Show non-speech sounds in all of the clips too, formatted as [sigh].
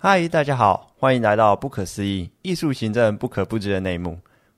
嗨，Hi, 大家好，歡迎來到《不可思藝藝術行政不可不知的內幕》。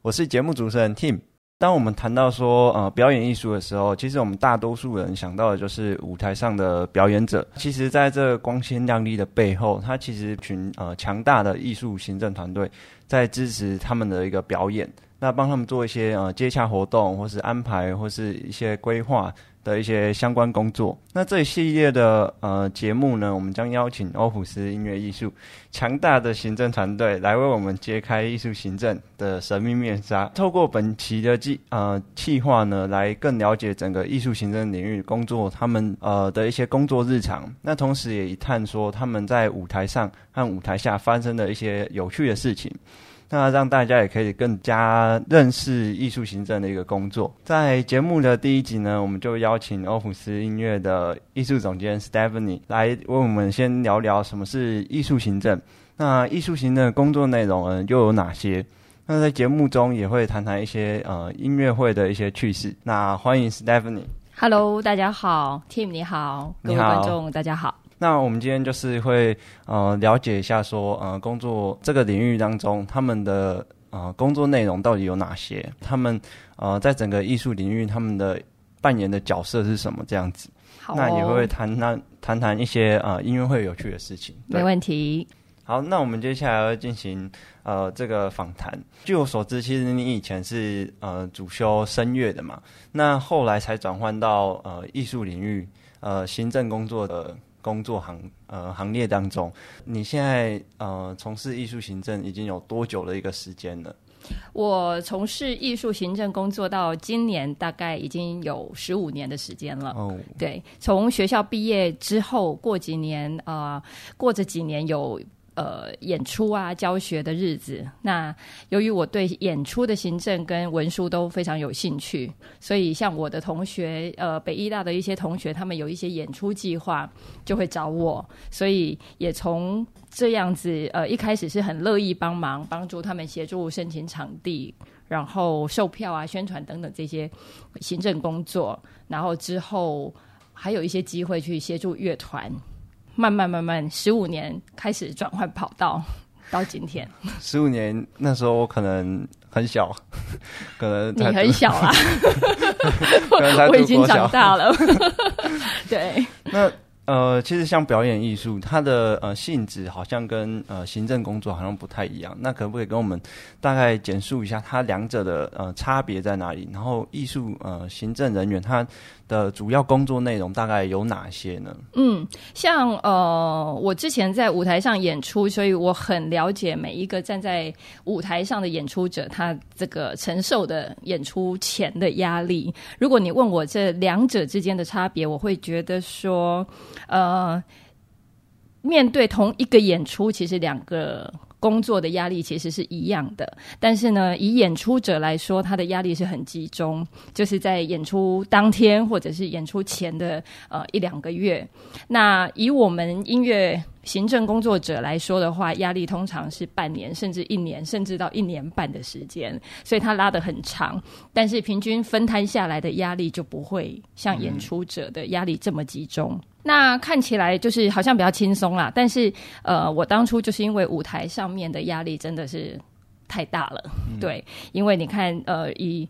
我是節目主持人 Tim。當我們談到說呃表演藝術的時候，其實我們大多數人想到的就是舞台上的表演者。其實，在這個光鮮亮麗的背後，他其實群呃強大的藝術行政團隊在支持他們的一個表演，那幫他們做一些呃接洽活動，或是安排，或是一些規劃。的一些相關工作。那這一系列的呃節目呢，我們將邀請歐普思音樂藝術強大的行政團隊來為我們揭開藝術行政的神秘面紗。透過本期的計呃企劃呢，來更了解整個藝術行政領域工作，他們呃的一些工作日常。那同時也一探索他們在舞台上和舞台下發生的一些有趣的事情。那讓大家也可以更加認識藝術行政的一個工作，在節目的第一集呢，我們就邀請歐普思音樂的藝術總監 Stephanie 來為我們先聊聊什麼是藝術行政。那藝術行政的工作內容呢，又有哪些？那在節目中也會談談一些呃音樂會的一些趣事。那歡迎 Stephanie。Hello，大家好，Tim 你好，各位觀眾好大家好。那我們今天就是會呃了解一下說呃工作這個領域當中他們的呃工作內容到底有哪些，他們呃在整個藝術領域他們的扮演的角色是什麼這樣子，好哦、那也會談談談談一些呃音樂會有趣的事情。沒問題。好，那我們接下來要進行呃這個訪談。據我所知，其實你以前是呃主修聲樂的嘛，那後來才轉換到呃藝術領域呃行政工作的。工作行呃，行列當中，你現在呃從事藝術行政已經有多久的一個時間了？我從事藝術行政工作到今年大概已經有十五年的時間了。哦，對，從學校畢業之後過幾年啊，呃，過這幾年有。呃，演出啊，教學的日子。那由於我對演出的行政跟文書都非常有興趣，所以像我的同學，呃，北藝大的一些同學，他們有一些演出計劃，就會找我。所以也從這樣子，呃，一開始是很樂意幫忙，幫助他們協助申請場地，然後售票啊、宣傳等等這些行政工作。然後之後還有一些機會去協助樂團。慢慢慢慢，十五年開始轉換跑道，到今天。十五年那時候我可能很小，可能你很小啊？ [laughs] 可能還小，我我已經長大了。 [laughs] 對，那。呃，其實像表演藝術，它的呃性質好像跟呃行政工作好像不太一樣。那可不可以跟我們大概簡述一下它兩者的呃差別在哪裡？然後藝術呃行政人員他的主要工作內容大概有哪些呢？嗯，像呃我之前在舞台上演出，所以我很了解每一個站在舞台上的演出者，他這個承受的演出前的壓力。如果你問我這兩者之間的差別，我會覺得說。呃，面對同一個演出，其實兩個工作的壓力其實是一樣的。但是呢，以演出者來說，他的壓力是很集中，就是在演出當天或者是演出前的呃一兩個月。那以我們音樂行政工作者來說的話，壓力通常是半年，甚至一年，甚至到一年半的時間，所以他拉得很長。但是平均分攤下來的壓力就不會像演出者的壓力這麼集中。嗯、那看起來就是好像比較輕鬆啦，但是呃，我當初就是因為舞台上面的壓力真的是太大了，嗯、對，因為你看呃以。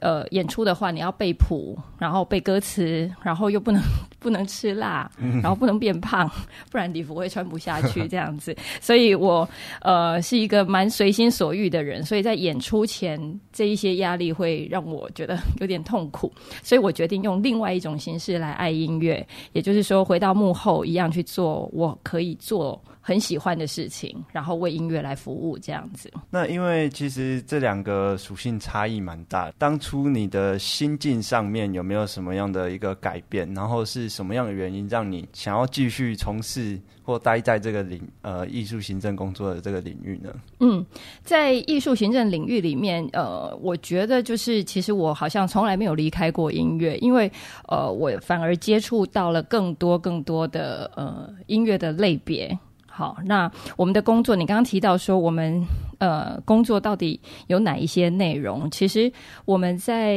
呃，演出的話，你要背譜，然後背歌詞，然後又不能不能吃辣，嗯、然後不能變胖，不然禮服會穿不下去這樣子。所以我呃是一個蠻隨心所欲的人，所以在演出前這一些壓力會讓我覺得有點痛苦，所以我決定用另外一種形式來愛音樂，也就是說回到幕後一樣去做，我可以做。很喜歡的事情，然後為音樂來服務，這樣子。那因為其實這兩個屬性差異蠻大。當初你的心境上面有沒有什麼樣的一個改變？然後是什麼樣的原因讓你想要繼續從事或待在這個領呃藝術行政工作的這個領域呢？嗯，在藝術行政領域裡面，呃，我覺得就是其實我好像從來沒有離開過音樂，因為呃，我反而接觸到了更多更多的呃音樂的類別。好，那我們的工作，你剛剛提到說，我們呃工作到底有哪一些內容？其實我們在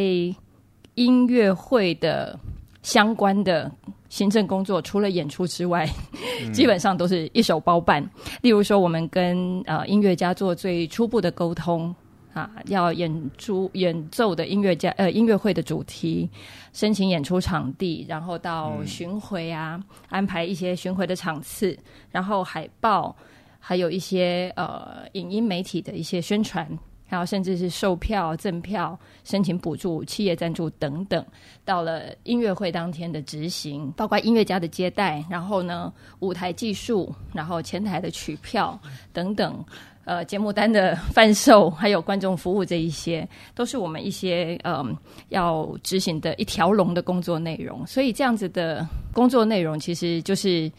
音樂會的相關的行政工作，除了演出之外，嗯、基本上都是一手包辦。例如說，我們跟呃音樂家做最初步的溝通。啊，要演出演奏的音樂家，呃，音樂會的主題，申請演出場地，然後到巡回啊，嗯、安排一些巡回的場次，然後海報，還有一些呃影音媒體的一些宣傳。然後，甚至是售票、贈票、申請補助、企業贊助等等。到了音樂會當天的執行，包括音樂家的接待，然後呢，舞台技術，然後前台的取票等等。呃，節目單的販售，還有觀眾服務這一些，都是我們一些嗯、呃、要執行的一條龍的工作內容。所以，這樣子的工作內容，其實就是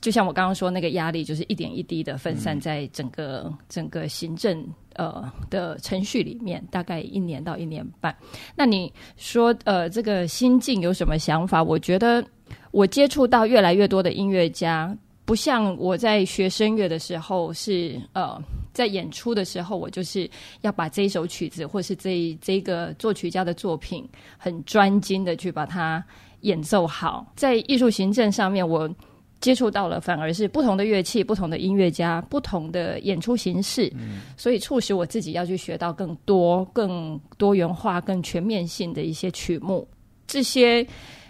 就像我剛剛說，那個壓力就是一點一滴的分散在整個、嗯、整個行政。呃的程序裡面，大概一年到一年半，那你說，呃這個心境有什麼想法？我覺得我接觸到越來越多的音樂家，不像我在學聲樂的時候是呃在演出的時候，我就是要把這一首曲子或是這這一個作曲家的作品很專精的去把它演奏好。在藝術行政上面，我。接觸到了，反而是不同的樂器、不同的音樂家、不同的演出形式，嗯、所以促使我自己要去學到更多、更多元化、更全面性的一些曲目。這些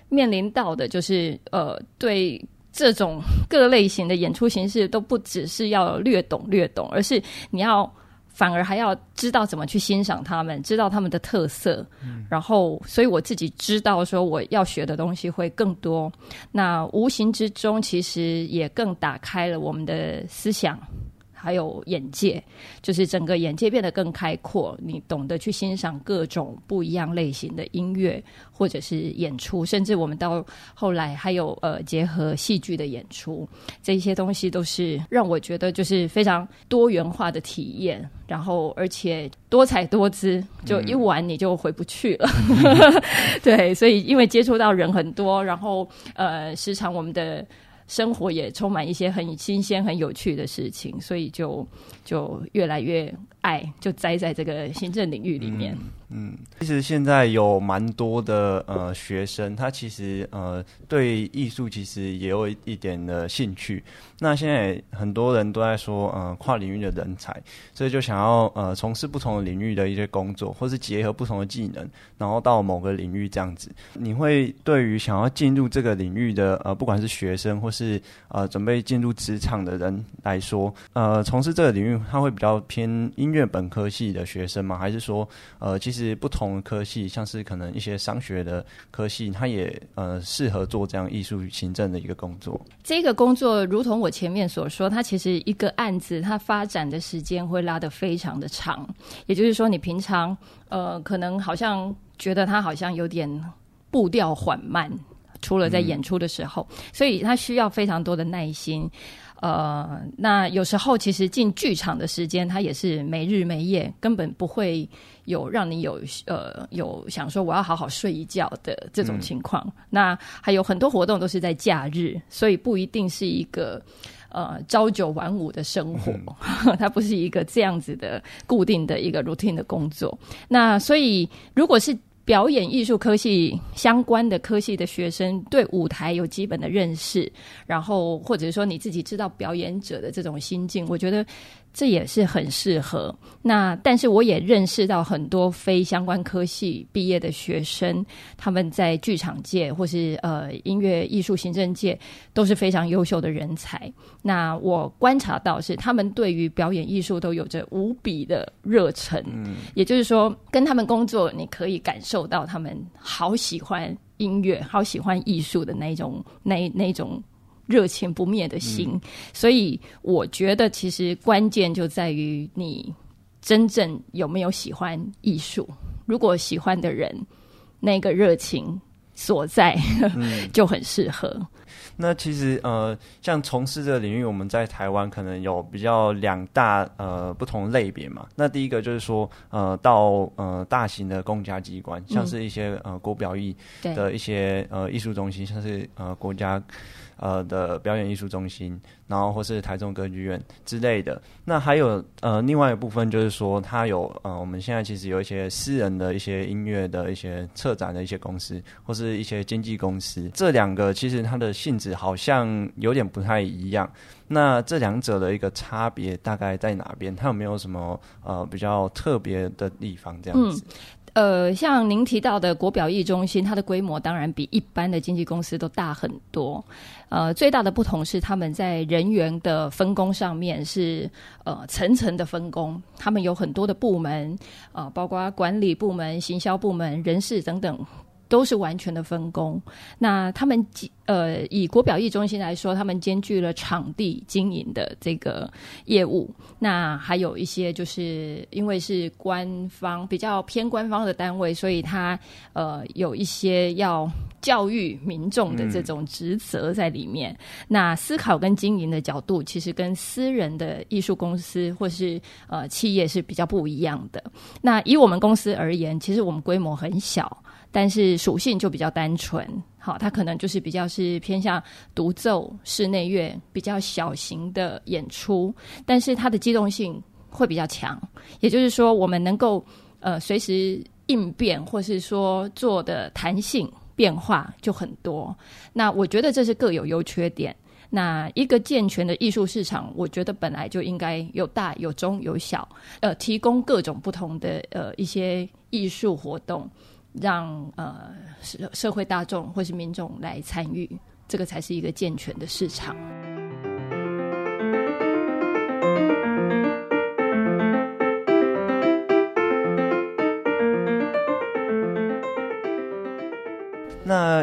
面臨到的就是，呃，對這種各類型的演出形式，都不只是要略懂略懂，而是你要。反而還要知道怎麼去欣賞他們，知道他們的特色，嗯，然後，所以我自己知道說我要學的東西會更多，那無形之中其實也更打開了我們的思想。還有眼界，就是整個眼界變得更開闊。你懂得去欣賞各種不一樣類型的音樂，或者是演出，甚至我們到後來還有呃，結合戲劇的演出，這些東西都是讓我覺得就是非常多元化的體驗。然後而且多彩多姿，就一玩你就回不去了。嗯、 [laughs] 對，所以因為接觸到人很多，然後呃，時常我們的。生活也充滿一些很新鮮、很有趣的事情，所以就就越來越愛，就栽在這個行政領域裡面。嗯嗯，其實現在有蠻多的呃學生，他其實呃對藝術其實也有一點的興趣。那現在很多人都在說呃跨領域的人才，所以就想要呃從事不同的領域的一些工作，或是結合不同的技能，然後到某個領域這樣子。你會對於想要進入這個領域的呃不管是學生或是呃準備進入職場的人來說，呃從事這個領域，他會比較偏音樂本科系的學生嗎？還是說呃其實？是不同科系，像是可能一些商學的科系，它也呃適合做這樣藝術行政的一個工作。這個工作，如同我前面所說，它其實一個案子，它發展的時間會拉得非常的長。也就是說，你平常呃可能好像覺得它好像有點步調緩慢，除了在演出的時候，嗯，所以它需要非常多的耐心。呃，那有時候其實進劇場的時間，它也是沒日沒夜，根本不會有讓你有呃有想說我要好好睡一覺的這種情況。嗯、那還有很多活動都是在假日，所以不一定是一個呃朝九晚五的生活，嗯、 [laughs] 它不是一個這樣子的固定的一個 routine 的工作。那所以如果是表演藝術科系相關的科系的學生，對舞台有基本的認識，然後或者說你自己知道表演者的這種心境，我覺得。這也是很適合。那但是我也認識到很多非相關科系畢業的學生，他們在劇場界或是呃音樂藝術行政界都是非常優秀的人才。那我觀察到是，他們對於表演藝術都有着無比的熱忱。嗯，也就是說，跟他們工作，你可以感受到他們好喜歡音樂，好喜歡藝術的那種，那那種。熱情不滅的心，嗯、所以我覺得其實關鍵就在於你真正有沒有喜歡藝術。如果喜歡的人，那個熱情所在 [laughs] 就很適合。那其實呃，像從事這個領域，我們在台灣可能有比較兩大呃不同類別嘛。那第一個就是說呃，到呃大型的公家機關，像是一些呃國表藝的一些對呃藝術中心，像是呃國家。呃的表演藝術中心，然後或是台中歌劇院之類的。那還有呃，另外一部分就是說，它有呃，我們現在其實有一些私人的一些音樂的一些策展的一些公司，或是一些經紀公司。這兩個其實它的性質好像有點不太一樣。那這兩者的一個差別大概在哪邊？它有沒有什麼呃比較特別的地方？這樣子。嗯呃，像您提到的國表藝中心，它的規模當然比一般的經紀公司都大很多。呃，最大的不同是他們在人員的分工上面是呃層層的分工，他們有很多的部門啊，呃，包括管理部門、行銷部門、人事等等。都是完全的分工。那他們兼呃，以國表藝中心來說，他們兼具了場地經營的這個業務。那還有一些，就是因為是官方比較偏官方的單位，所以他呃有一些要教育民眾的這種職責在裡面。嗯、那思考跟經營的角度，其實跟私人的藝術公司或是呃企業是比較不一樣的。那以我們公司而言，其實我們規模很小。但是屬性就比較單純，好、哦，它可能就是比較是偏向獨奏室內樂，比較小型的演出。但是它的機動性會比較強，也就是說，我們能夠呃隨時應變，或是說做的彈性變化就很多。那我覺得這是各有優缺點。那一個健全的藝術市場，我覺得本來就應該有大有中有小，呃，提供各種不同的呃一些藝術活動。讓呃社社會大眾或是民眾來參與，這個才是一個健全的市場。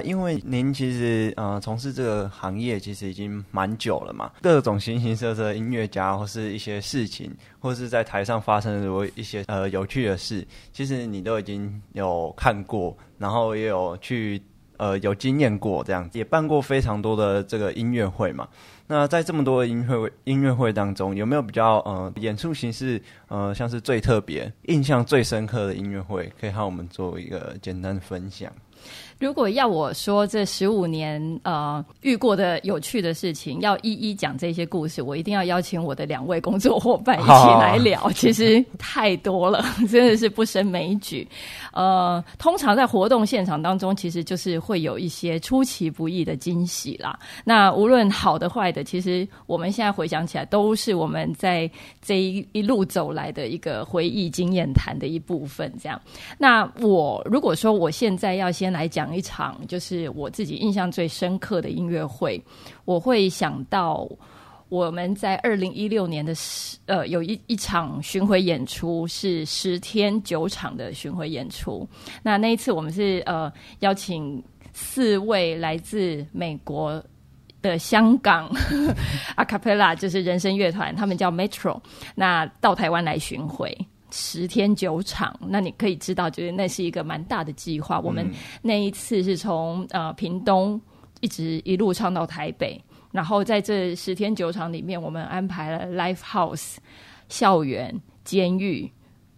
因為您其實呃從事這個行業其實已經蠻久了嘛，各種形形色色的音樂家或是一些事情，或是在台上發生的一些呃有趣的事，其實你都已經有看過，然後也有去呃有經驗過，這樣也辦過非常多的這個音樂會嘛。那在這麼多的音樂會音樂會當中，有沒有比較呃演出形式呃像是最特別、印象最深刻的音樂會，可以和我們做一個簡單的分享？如果要我說這十五年呃遇過的有趣的事情，要一一講這些故事，我一定要邀請我的兩位工作夥伴一起來聊。啊、其實太多了，真的是不勝枚舉。呃，通常在活動現場當中，其實就是會有一些出其不意的驚喜啦。那無論好的壞的，其實我們現在回想起來，都是我們在這一一路走來的一個回憶經驗談的一部分。這樣，那我如果說我現在要先來講。一場就是我自己印象最深刻的音樂會，我會想到我們在二零一六年的十呃有一一場巡回演出是十天九場的巡回演出。那那一次我們是呃邀請四位來自美國的香港 [laughs] [laughs] a cappella 就是人聲樂團，他們叫 metro，那到台灣來巡回。十天九場，那你可以知道，就是那是一個蠻大的計劃。嗯、我們那一次是從呃屏東一直一路唱到台北，然後在這十天九場裡面，我們安排了 live house 校、校園、監獄、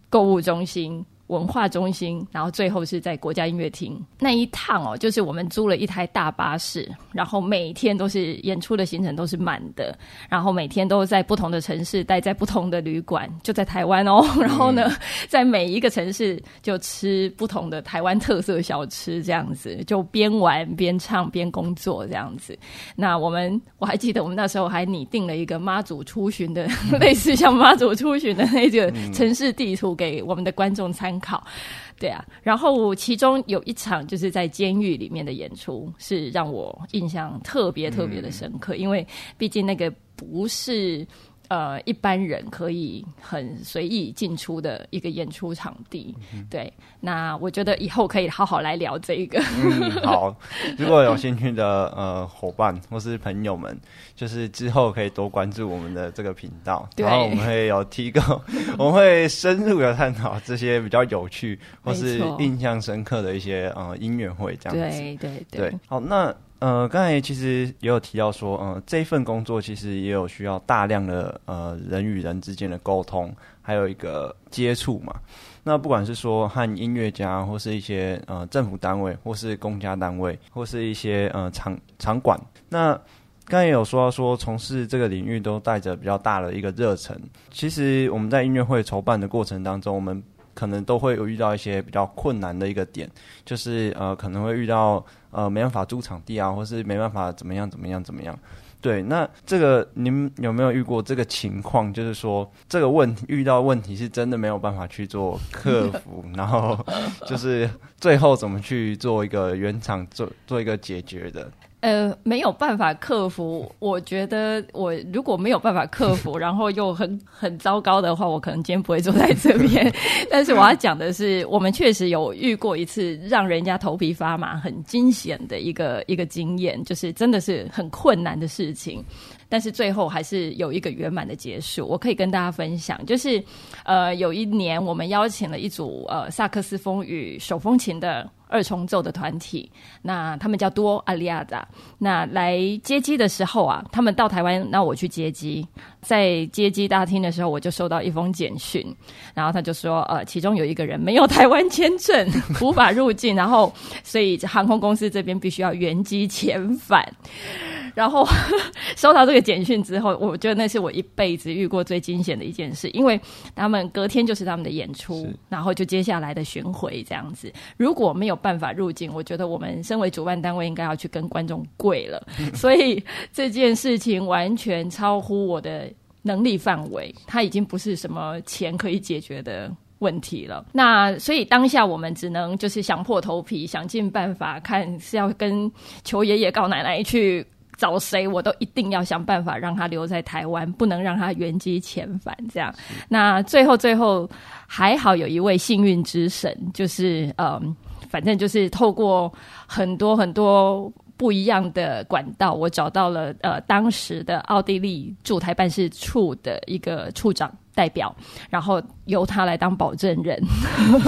購物中心。文化中心，然後最後是在國家音樂廳那一趟哦，就是我們租了一台大巴士，然後每天都是演出的行程都是滿的，然後每天都在不同的城市待在不同的旅館，就在台灣哦。然後呢，嗯、在每一個城市就吃不同的台灣特色小吃，這樣子就邊玩邊唱邊工作這樣子。那我們我還記得我們那時候還擬定了一個媽祖出巡的，嗯、 [laughs] 類似像媽祖出巡的那一個城市地圖給我們的觀眾參觀。考，對啊，然後其中有一場就是在監獄裡面的演出，是讓我印象特別特別的深刻，嗯、因為畢竟那個不是。呃，一般人可以很隨意進出的一個演出場地，嗯、哼對。那我覺得以後可以好好來聊這一個、嗯。好， [laughs] 如果有興趣的呃夥伴或是朋友們， [laughs] 就是之後可以多關注我們的這個頻道，對然後我們會有提供，我們會深入的探討這些比較有趣或是印象深刻的一些呃音樂會這樣子。對對對，對。好，那。呃，剛才其實也有提到說，嗯、呃，這份工作其實也有需要大量的呃人與人之間的溝通，還有一個接觸嘛。那不管是說和音樂家，或是一些呃政府單位，或是公家單位，或是一些呃場場館。那剛才也有說到說，從事這個領域都帶着比較大的一個熱忱。其實我們在音樂會籌辦的過程當中，我們可能都會有遇到一些比較困難的一個點，就是呃可能會遇到呃沒辦法租場地啊，或是沒辦法怎麼樣怎麼樣怎麼樣。對，那這個您有沒有遇過這個情況？就是說這個問題遇到問題是真的沒有辦法去做克服， [laughs] 然後就是最後怎麼去做一個圓場做做一個解決的？呃，沒有辦法克服。我覺得，我如果沒有辦法克服， [laughs] 然後又很很糟糕的話，我可能今天不會坐在這邊。 [laughs] 但是我要講的是，我們確實有遇過一次讓人家頭皮發麻、很驚險的一個一個經驗，就是真的是很困難的事情，但是最後還是有一個圓滿的結束。我可以跟大家分享，就是呃，有一年我們邀請了一組呃薩克斯風與手風琴的。二重奏的團體，那他們叫 Duo Aliada。那來接機的時候啊，他們到台灣，那我去接機。在接機大廳的時候，我就收到一封簡訊，然後他就說，呃，其中有一個人沒有台灣簽證，無法入境， [laughs] 然後所以航空公司這邊必須要原機遣返。然後收到這個簡訊之後，我覺得那是我一輩子遇過最驚險的一件事。因為他們隔天就是他們的演出，是然後就接下來的巡迴這樣子。如果沒有辦法入境，我覺得我們身為主辦單位應該要去跟觀眾跪了。嗯、所以這件事情完全超乎我的能力範圍，它已經不是什麼錢可以解決的問題了。那所以當下我們只能就是想破頭皮，想盡辦法，看是要跟求爺爺告奶奶去。找誰我都一定要想辦法讓他留在台灣，不能讓他原機遣返。這樣，那最後最後還好有一位幸運之神，就是嗯、呃，反正就是透過很多很多不一樣的管道，我找到了呃當時的奧地利駐台辦事處的一個處長代表，然後由他來當保證人，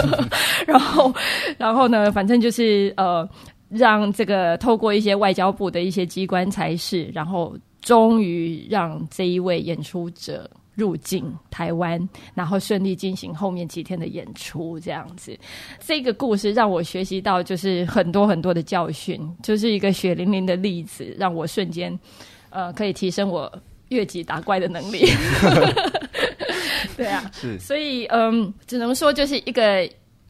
[laughs] 然後然後呢，反正就是呃。讓這個透過一些外交部的一些機關才是，然後終於讓這一位演出者入境台灣，然後順利進行後面幾天的演出，這樣子。這個故事讓我學習到就是很多很多的教訓，就是一個血淋淋的例子，讓我瞬間呃可以提升我越級打怪的能力。是 [laughs] [laughs] 對啊，是所以嗯，只能說就是一個。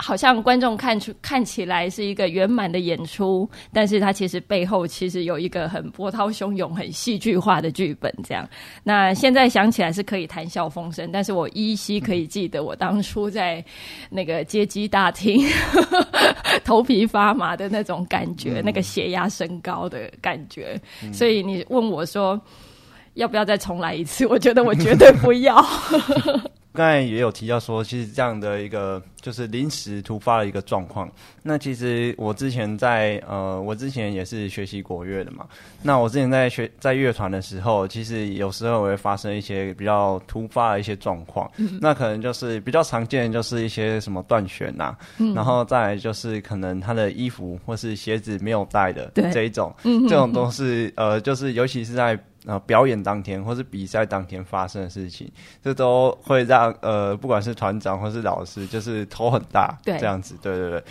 好像觀眾看出看起來是一個圓滿的演出，但是它其實背後其實有一個很波濤洶湧、很戲劇化的劇本。這樣，那現在想起來是可以談笑風生，但是我依稀可以記得我當初在那個接機大廳，嗯、 [laughs] 頭皮發麻的那種感覺，嗯、那個血壓升高的感覺。嗯、所以你問我說要不要再重來一次？我覺得我絕對不要。 [laughs] 剛才也有提到說，其實這樣的一個就是臨時突發的一個狀況。那其實我之前在呃，我之前也是學習國樂的嘛。那我之前在學在樂團的時候，其實有時候我會發生一些比較突發的一些狀況。嗯、哼那可能就是比較常見就是一些什麼斷弦吶，嗯、然後再來就是可能他的衣服或是鞋子沒有帶的這一種，對這種都是、嗯、哼哼呃，就是尤其是在。呃，表演當天或是比賽當天發生的事情，這都會讓呃，不管是團長或是老師，就是頭很大，對這樣子。對，對對對，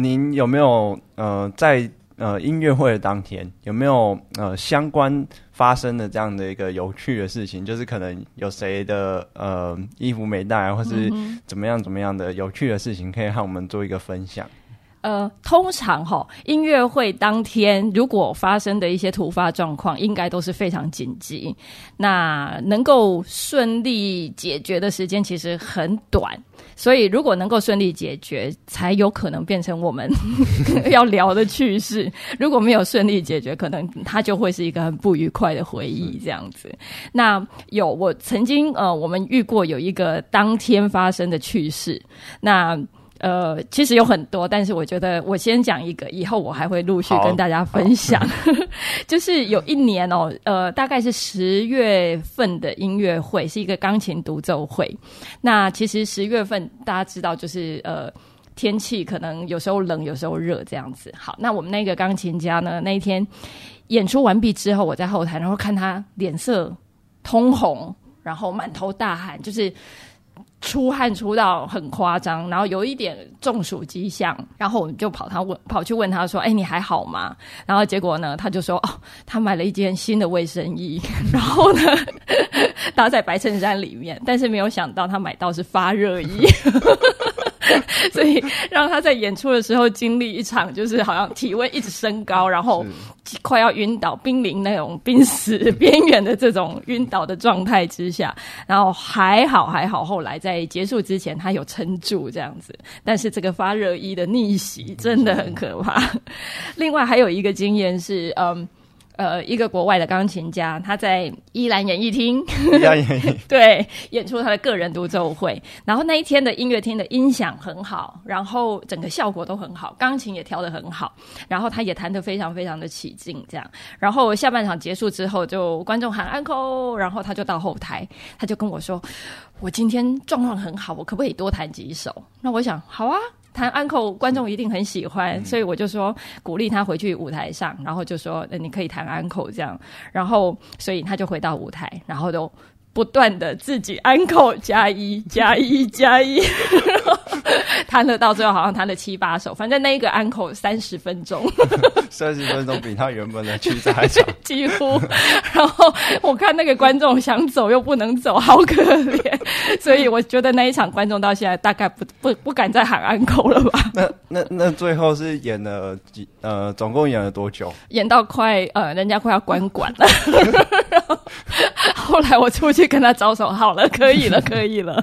您有沒有呃，在呃音樂會的當天有沒有呃相關發生的這樣的一個有趣的事情？就是可能有誰的呃衣服沒帶，或是怎麼樣怎麼樣的有趣的事情，可以和我們做一個分享。嗯呃，通常齁，音樂會當天如果發生的一些突發狀況，應該都是非常緊急。那能夠順利解決的時間其實很短，所以如果能夠順利解決，才有可能變成我們 [laughs] 要聊的趣事。如果沒有順利解決，可能它就會是一個很不愉快的回憶，這樣子。那有我曾經呃，我們遇過有一個當天發生的趣事，那。呃，其實有很多，但是我覺得我先講一個，以後我還會陸續跟大家分享。 [laughs] 就是有一年哦，呃，大概是十月份的音樂會，是一個鋼琴獨奏會。那其實十月份大家知道，就是呃，天氣可能有時候冷，有時候熱這樣子。好，那我們那個鋼琴家呢，那一天演出完畢之後，我在後台，然後看他臉色通紅，然後滿頭大汗，就是。出汗出到很誇張，然後有一點中暑跡象，然後我們就跑他問，跑去問他說：“哎、欸，你還好嗎？”然後結果呢，他就說：“哦，他買了一件新的衛生衣，然後呢， [laughs] 搭在白襯衫裡面，但是沒有想到他買到是發熱衣。” [laughs] [laughs] [laughs] 所以讓他在演出的時候經歷一場，就是好像體溫一直升高，然後快要暈倒、瀕臨那種瀕死邊緣的這種暈倒的狀態之下，然後還好還好，後來在結束之前他有撐住這樣子。但是這個發熱衣的逆襲真的很可怕。 [laughs] 另外還有一個經驗是，嗯。呃，一個國外的鋼琴家，他在宜蘭演藝廳，演藝 [laughs] 對，演出他的個人獨奏會。然後那一天的音樂廳的音響很好，然後整個效果都很好，鋼琴也調得很好，然後他也彈得非常非常的起勁，這樣。然後下半場結束之後，就觀眾喊 encore，然後他就到後台，他就跟我說：“我今天狀況很好，我可不可以多彈幾首？”那我想，好啊。彈安可，觀眾一定很喜歡，嗯、所以我就說鼓勵他回去舞台上，然後就說：“你可以彈安可這樣。”然後，所以他就回到舞台，然後都不斷的自己安可加一加一加一。彈了到最後，好像彈了七八首，反正那一個安可三十分鐘，三 [laughs] 十 [laughs] 分鐘比他原本的曲子還長， [laughs] [laughs] 幾乎。然後我看那個觀眾想走又不能走，好可憐。所以我覺得那一場觀眾到現在大概不不不，不敢再喊安可了吧？ [laughs] 那那那最後是演了幾呃，總共演了多久？演到快呃，人家快要關館了。 [laughs] [laughs] [laughs] 後來我出去跟他招手。好了，可以了， [laughs] 可以了，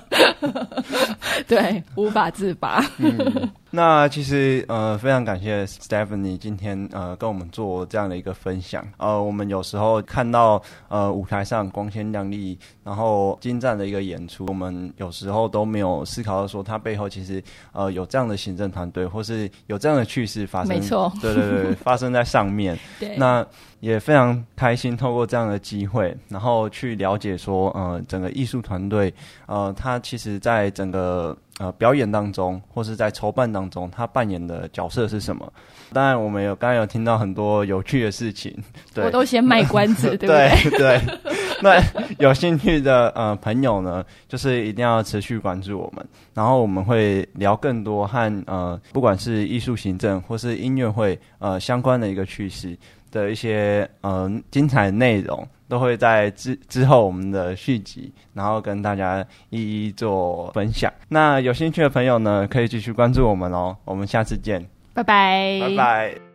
[laughs] 對，無法自拔。 [laughs] 嗯那其實呃非常感謝 Stephanie 今天呃跟我們做這樣的一個分享，呃我們有時候看到呃舞台上光鮮亮麗然後精湛的一個演出，我們有時候都沒有思考到說它背後其實呃有這樣的行政團隊或是有這樣的趣事發生。沒錯，對對對，發生在上面 [laughs] 對，那也非常開心透過這樣的機會然後去了解說呃整個藝術團隊呃它其實在整個。呃，表演當中或是在籌辦當中，他扮演的角色是什麼？當然，我們有剛剛有聽到很多有趣的事情，對我都先賣關子，對不、嗯、呵對？對 [laughs] 對，那有興趣的呃朋友呢，就是一定要持續關注我們，然後我們會聊更多和呃不管是藝術行政或是音樂會呃相關的一個趣事的一些呃精彩內容。都會在之之後我們的續集，然後跟大家一一做分享。那有興趣的朋友呢，可以繼續關注我們哦。我們下次見，拜拜，拜拜。